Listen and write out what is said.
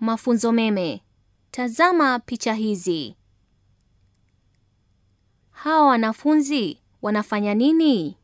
Mafunzo meme. Tazama picha hizi. Hawa wanafunzi wanafanya nini?